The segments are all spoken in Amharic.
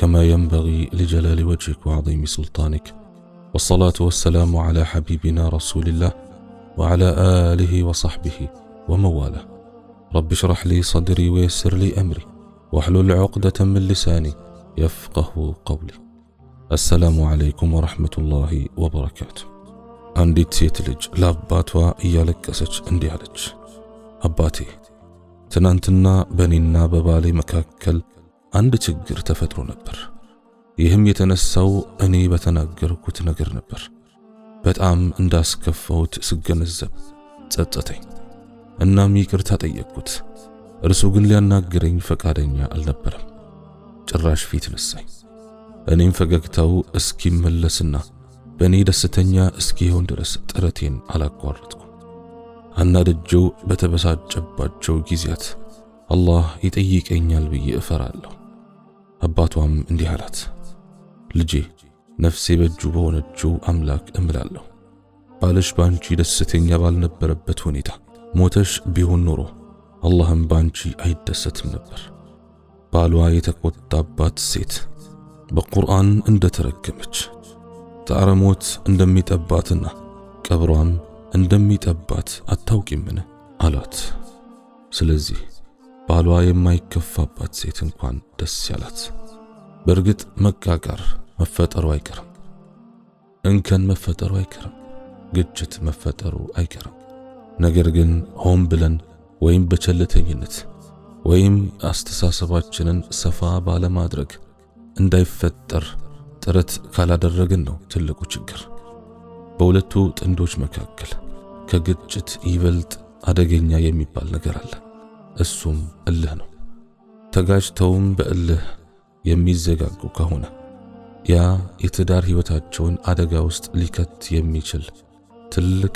كما ينبغي لجلال وجهك وعظيم سلطانك والصلاة والسلام على حبيبنا رسول الله وعلى آله وصحبه ومواله رب اشرح لي صدري ويسر لي أمري واحلل عقدة من لساني يفقه قولي السلام عليكم ورحمة الله وبركاته አንዲት لا باتوا إيالك أسج እንዲህ عليك أباتي تنانتنا بنينا ببالي مكاكل አንድ ችግር ተፈጥሮ ነበር። ይህም የተነሳው እኔ በተናገርኩት ነገር ነበር። በጣም እንዳስከፋሁት ስገነዘብ ጸጸተኝ። እናም ይቅርታ ጠየቅኩት። እርሱ ግን ሊያናግረኝ ፈቃደኛ አልነበረም። ጭራሽ ፊት ነሳኝ። እኔም ፈገግታው እስኪመለስና በእኔ ደስተኛ እስኪሆን ድረስ ጥረቴን አላቋረጥኩም። አናድጄው በተበሳጨባቸው ጊዜያት አላህ ይጠይቀኛል ብዬ እፈራለሁ። አባቷም እንዲህ አላት፣ ልጄ ነፍሴ በእጁ በሆነችው አምላክ እምላለሁ። ባልሽ ባንቺ ደስተኛ ባልነበረበት ሁኔታ ሞተሽ ቢሆን ኖሮ አላህም ባንቺ አይደሰትም ነበር። ባሏ የተቆጣባት ሴት በቁርአን እንደተረገመች ጣረ ሞት እንደሚጠባትና ቀብሯም እንደሚጠባት አታውቂምን? አላት። ስለዚህ ባሏ የማይከፋባት ሴት እንኳን ደስ ያላት። በእርግጥ መቃቃር መፈጠሩ አይቀርም፣ እንከን መፈጠሩ አይቀርም፣ ግጭት መፈጠሩ አይቀርም። ነገር ግን ሆን ብለን ወይም በቸልተኝነት ወይም አስተሳሰባችንን ሰፋ ባለማድረግ እንዳይፈጠር ጥረት ካላደረግን ነው ትልቁ ችግር። በሁለቱ ጥንዶች መካከል ከግጭት ይበልጥ አደገኛ የሚባል ነገር አለ። እሱም እልህ ነው። ተጋጅተውም በእልህ የሚዘጋጉ ከሆነ ያ የትዳር ሕይወታቸውን አደጋ ውስጥ ሊከት የሚችል ትልቅ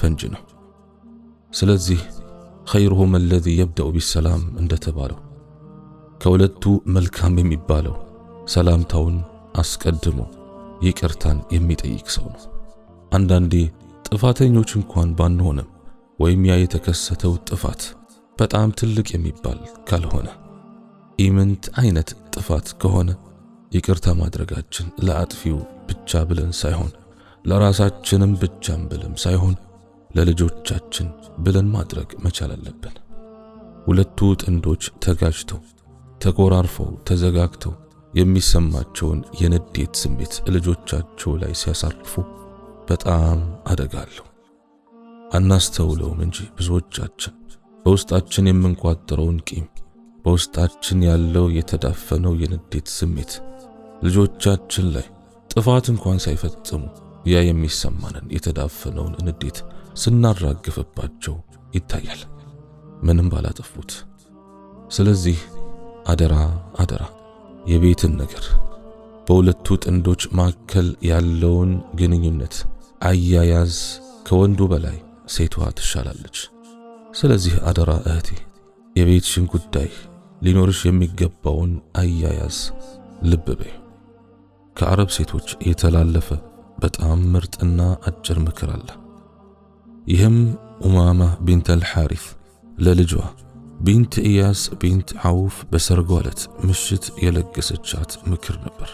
ፈንጅ ነው። ስለዚህ ኸይሩሁም አለዚ የብደኡ ቢሰላም እንደተባለው ከሁለቱ መልካም የሚባለው ሰላምታውን አስቀድሞ ይቅርታን የሚጠይቅ ሰው ነው። አንዳንዴ ጥፋተኞች እንኳን ባንሆንም ወይም ያ የተከሰተው ጥፋት በጣም ትልቅ የሚባል ካልሆነ ኢምንት አይነት ጥፋት ከሆነ ይቅርታ ማድረጋችን ለአጥፊው ብቻ ብለን ሳይሆን ለራሳችንም ብቻም ብለን ሳይሆን ለልጆቻችን ብለን ማድረግ መቻል አለብን። ሁለቱ ጥንዶች ተጋጅተው ተቆራርፈው ተዘጋግተው የሚሰማቸውን የንዴት ስሜት ልጆቻቸው ላይ ሲያሳርፉ በጣም አደጋ አለው። አናስተውለውም እንጂ ብዙዎቻችን በውስጣችን የምንቋጥረውን ቂም፣ በውስጣችን ያለው የተዳፈነው የንዴት ስሜት ልጆቻችን ላይ ጥፋት እንኳን ሳይፈጽሙ ያ የሚሰማንን የተዳፈነውን ንዴት ስናራግፍባቸው ይታያል፣ ምንም ባላጠፉት። ስለዚህ አደራ አደራ የቤትን ነገር በሁለቱ ጥንዶች መካከል ያለውን ግንኙነት አያያዝ ከወንዱ በላይ ሴቷ ትሻላለች። ስለዚህ አደራ እህቴ የቤትሽን ጉዳይ ሊኖርሽ የሚገባውን አያያዝ ልብ በይ። ከአረብ ሴቶች የተላለፈ በጣም ምርጥና አጭር ምክር አለ። ይህም ኡማማ ቢንት አልሓሪፍ ለልጇ ቢንት ኢያስ ቢንት ዓውፍ በሰርጓ ዕለት ምሽት የለገሰቻት ምክር ነበር።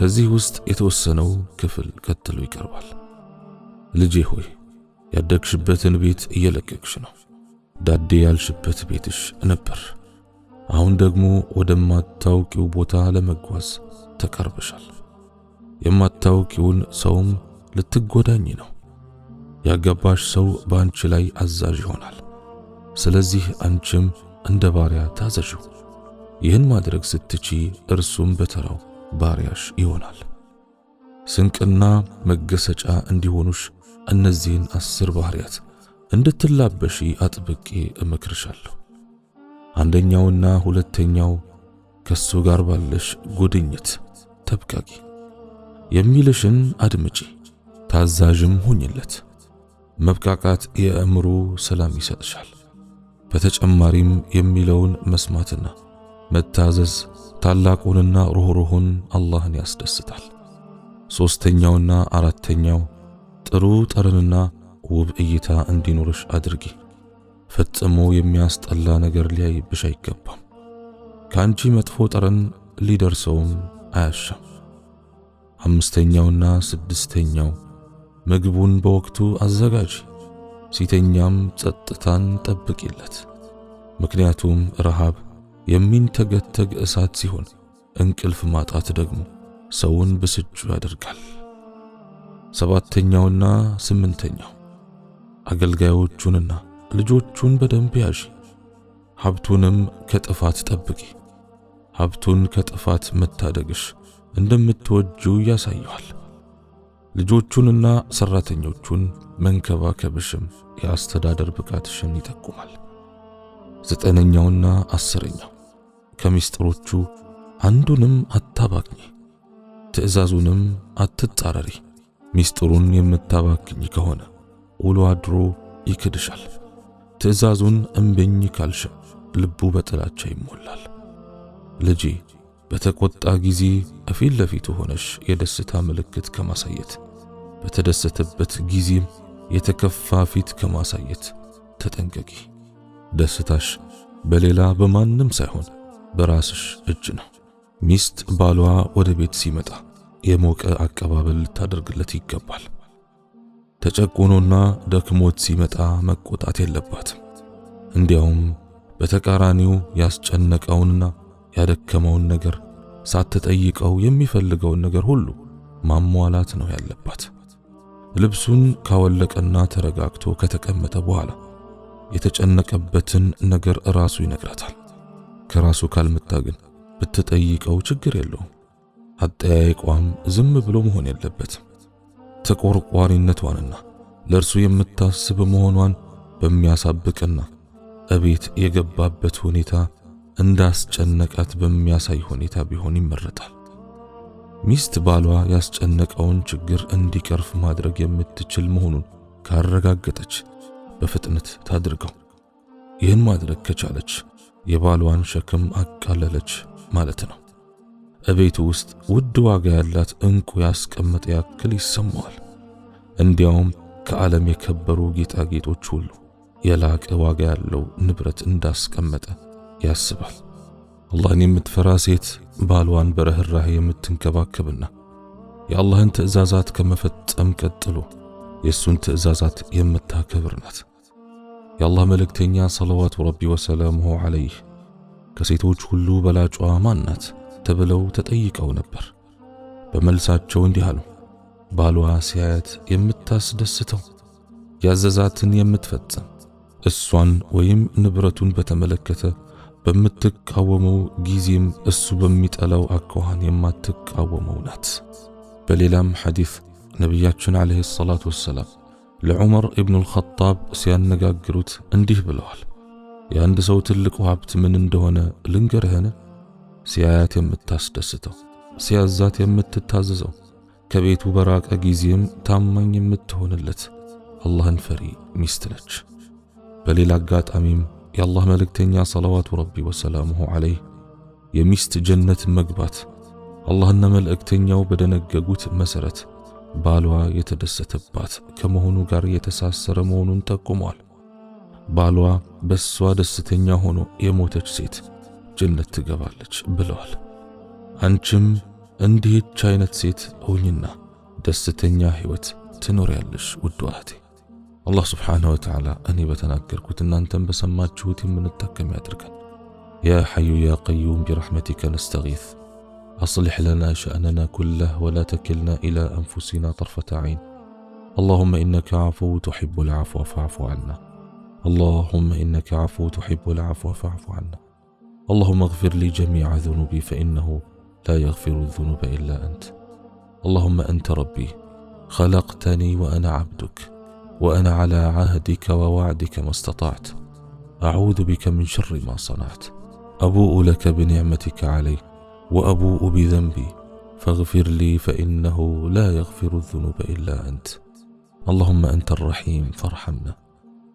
ከዚህ ውስጥ የተወሰነው ክፍል ቀጥሎ ይቀርባል። ልጄ ሆይ ያደግሽበትን ቤት እየለቀቅሽ ነው። ዳዴ ያልሽበት ቤትሽ ነበር። አሁን ደግሞ ወደማታውቂው ቦታ ለመጓዝ ተቀርበሻል። የማታውቂውን ሰውም ልትጎዳኝ ነው። ያገባሽ ሰው በአንቺ ላይ አዛዥ ይሆናል። ስለዚህ አንቺም እንደ ባሪያ ታዘዥው። ይህን ማድረግ ስትቺ እርሱም በተራው ባሪያሽ ይሆናል። ስንቅና መገሰጫ እንዲሆኑሽ እነዚህን አስር ባህሪያት እንድትላበሺ አጥብቄ እመክርሻለሁ። አንደኛውና ሁለተኛው ከሱ ጋር ባለሽ ጉድኝት ተብቃቂ፣ የሚልሽን አድምጪ፣ ታዛዥም ሁኝለት። መብቃቃት የእምሩ ሰላም ይሰጥሻል። በተጨማሪም የሚለውን መስማትና መታዘዝ ታላቁንና ሩኅሩኅን አላህን ያስደስታል። ሦስተኛውና አራተኛው ጥሩ ጠረንና ውብ እይታ እንዲኖርሽ አድርጊ። ፈጽሞ የሚያስጠላ ነገር ሊያይብሽ አይገባም። ከአንቺ መጥፎ ጠረን ሊደርሰውም አያሻም። አምስተኛውና ስድስተኛው ምግቡን በወቅቱ አዘጋጂ፣ ሲተኛም ጸጥታን ጠብቂለት። ምክንያቱም ረሃብ የሚንተገተግ እሳት ሲሆን፣ እንቅልፍ ማጣት ደግሞ ሰውን ብስጩ ያደርጋል። ሰባተኛውና ስምንተኛው አገልጋዮቹንና ልጆቹን በደንብ ያዥ ሀብቱንም ከጥፋት ጠብቂ። ሀብቱን ከጥፋት መታደግሽ እንደምትወጁ ያሳየዋል። ልጆቹንና ሰራተኞቹን መንከባከብሽም የአስተዳደር ብቃትሽን ይጠቁማል። ዘጠነኛውና አስረኛው ከምስጢሮቹ አንዱንም አታባክኚ፣ ትእዛዙንም አትጣረሪ። ሚስጥሩን የምታባክኝ ከሆነ ውሎ አድሮ ይክድሻል። ትዕዛዙን እምብኝ ካልሽ ልቡ በጥላቻ ይሞላል። ልጄ በተቆጣ ጊዜ እፊት ለፊቱ ሆነሽ የደስታ ምልክት ከማሳየት በተደሰተበት ጊዜም የተከፋ ፊት ከማሳየት ተጠንቀቂ። ደስታሽ በሌላ በማንም ሳይሆን በራስሽ እጅ ነው። ሚስት ባሏ ወደ ቤት ሲመጣ የሞቀ አቀባበል ልታደርግለት ይገባል። ተጨቁኖና ደክሞት ሲመጣ መቆጣት የለባትም። እንዲያውም በተቃራኒው ያስጨነቀውንና ያደከመውን ነገር ሳትጠይቀው የሚፈልገውን ነገር ሁሉ ማሟላት ነው ያለባት። ልብሱን ካወለቀና ተረጋግቶ ከተቀመጠ በኋላ የተጨነቀበትን ነገር ራሱ ይነግራታል። ከራሱ ካልመጣ ግን ብትጠይቀው ችግር የለውም። አጠያይቋም ዝም ብሎ መሆን የለበትም። ተቆርቋሪነቷንና ለእርሱ የምታስብ መሆኗን በሚያሳብቅና እቤት የገባበት ሁኔታ እንዳስጨነቃት በሚያሳይ ሁኔታ ቢሆን ይመረጣል። ሚስት ባሏ ያስጨነቀውን ችግር እንዲቀርፍ ማድረግ የምትችል መሆኑን ካረጋገጠች በፍጥነት ታድርገው። ይህን ማድረግ ከቻለች የባሏን ሸክም አቃለለች ማለት ነው። እቤቱ ውስጥ ውድ ዋጋ ያላት እንቁ ያስቀመጠ ያክል ይሰማዋል። እንዲያውም ከዓለም የከበሩ ጌጣጌጦች ሁሉ የላቀ ዋጋ ያለው ንብረት እንዳስቀመጠ ያስባል። አላህን የምትፈራ ሴት ባልዋን በርህራሄ የምትንከባከብና የአላህን ትእዛዛት ከመፈጸም ቀጥሎ የእሱን ትእዛዛት የምታከብር ናት። የአላህ መልእክተኛ ሰለዋቱ ረቢ ወሰላሙሁ ዓለይህ ከሴቶች ሁሉ በላጯ ማን ናት? ተብለው ተጠይቀው ነበር። በመልሳቸው እንዲህ አሉ። ባሏ ሲያያት የምታስደስተው ያዘዛትን የምትፈጽም እሷን ወይም ንብረቱን በተመለከተ በምትቃወመው ጊዜም እሱ በሚጠላው አኳኋን የማትቃወመው ናት። በሌላም ሐዲስ ነቢያችን ዓለይሂ ሰላቱ ወሰላም ለዑመር ኢብኑል ኸጣብ ሲያነጋግሩት እንዲህ ብለዋል። የአንድ ሰው ትልቁ ሀብት ምን እንደሆነ ልንገርህን? ሲያያት የምታስደስተው፣ ሲያዛት የምትታዘዘው፣ ከቤቱ በራቀ ጊዜም ታማኝ የምትሆንለት አላህን ፈሪ ሚስት ነች። በሌላ አጋጣሚም የአላህ መልእክተኛ ሰለዋቱ ረቢ ወሰላሙሁ ዓለይህ የሚስት ጀነት መግባት አላህና መልእክተኛው በደነገጉት መሠረት ባሏ የተደሰተባት ከመሆኑ ጋር የተሳሰረ መሆኑን ጠቁሟል። ባሏ በሷ ደስተኛ ሆኖ የሞተች ሴት ጀነት ትገባለች ብለዋል። አንቺም እንዲህች አይነት ሴት ሁኝና ደስተኛ ህይወት ትኖሪያለሽ ውድ እህቴ። አላህ ስብሓንሁ ወተዓላ እኔ በተናገርኩት እናንተም በሰማችሁት የምንታከም ያድርገን። ያ ሐዩ ያ ቀዩም ቢረሕመቲከ ነስተጊፍ አስሊሕ ለና ሸእነና ኩለህ ወላ ተኪልና ኢላ አንፉሲና ጠርፈተ ዐይን اللهم إنك عفو تحب العفو فاعف عنا اللهم إنك عفو تحب العفو فاعف عنا اللهم اغفر لي جميع ذنوبي فإنه لا يغفر الذنوب إلا أنت اللهم أنت ربي خلقتني وأنا عبدك وأنا على عهدك ووعدك ما استطعت أعوذ بك من شر ما صنعت أبوء لك بنعمتك علي وأبوء بذنبي فاغفر لي فإنه لا يغفر الذنوب إلا أنت اللهم أنت الرحيم فارحمنا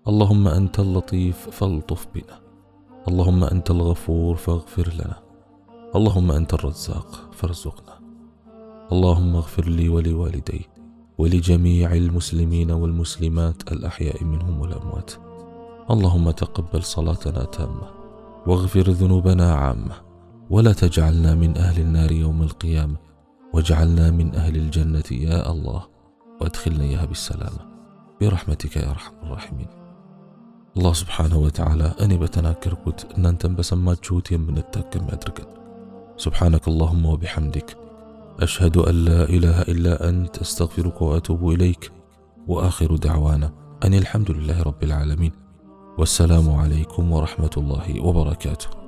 اللهم أنت اللطيف فالطف بنا اللهم أنت الغفور فاغفر لنا اللهم أنت الرزاق فارزقنا اللهم اغفر لي ولوالدي ولجميع المسلمين والمسلمات الأحياء منهم والأموات اللهم تقبل صلاتنا تامة واغفر ذنوبنا عامة ولا تجعلنا من أهل النار يوم القيامة واجعلنا من أهل الجنة يا الله وادخلنا إياها بالسلامة برحمتك يا أرحم الراحمين الله سبحانه بتناكر قد أن أنت بسمى እናንተም من የምንጠቅ أدرك سبحانك اللهم وبحمدك أشهد أن لا إله إلا أنت أستغفرك وأتوب إليك وآخر دعوانا أن الحمد لله رب العالمين والسلام عليكم ورحمة الله وبركاته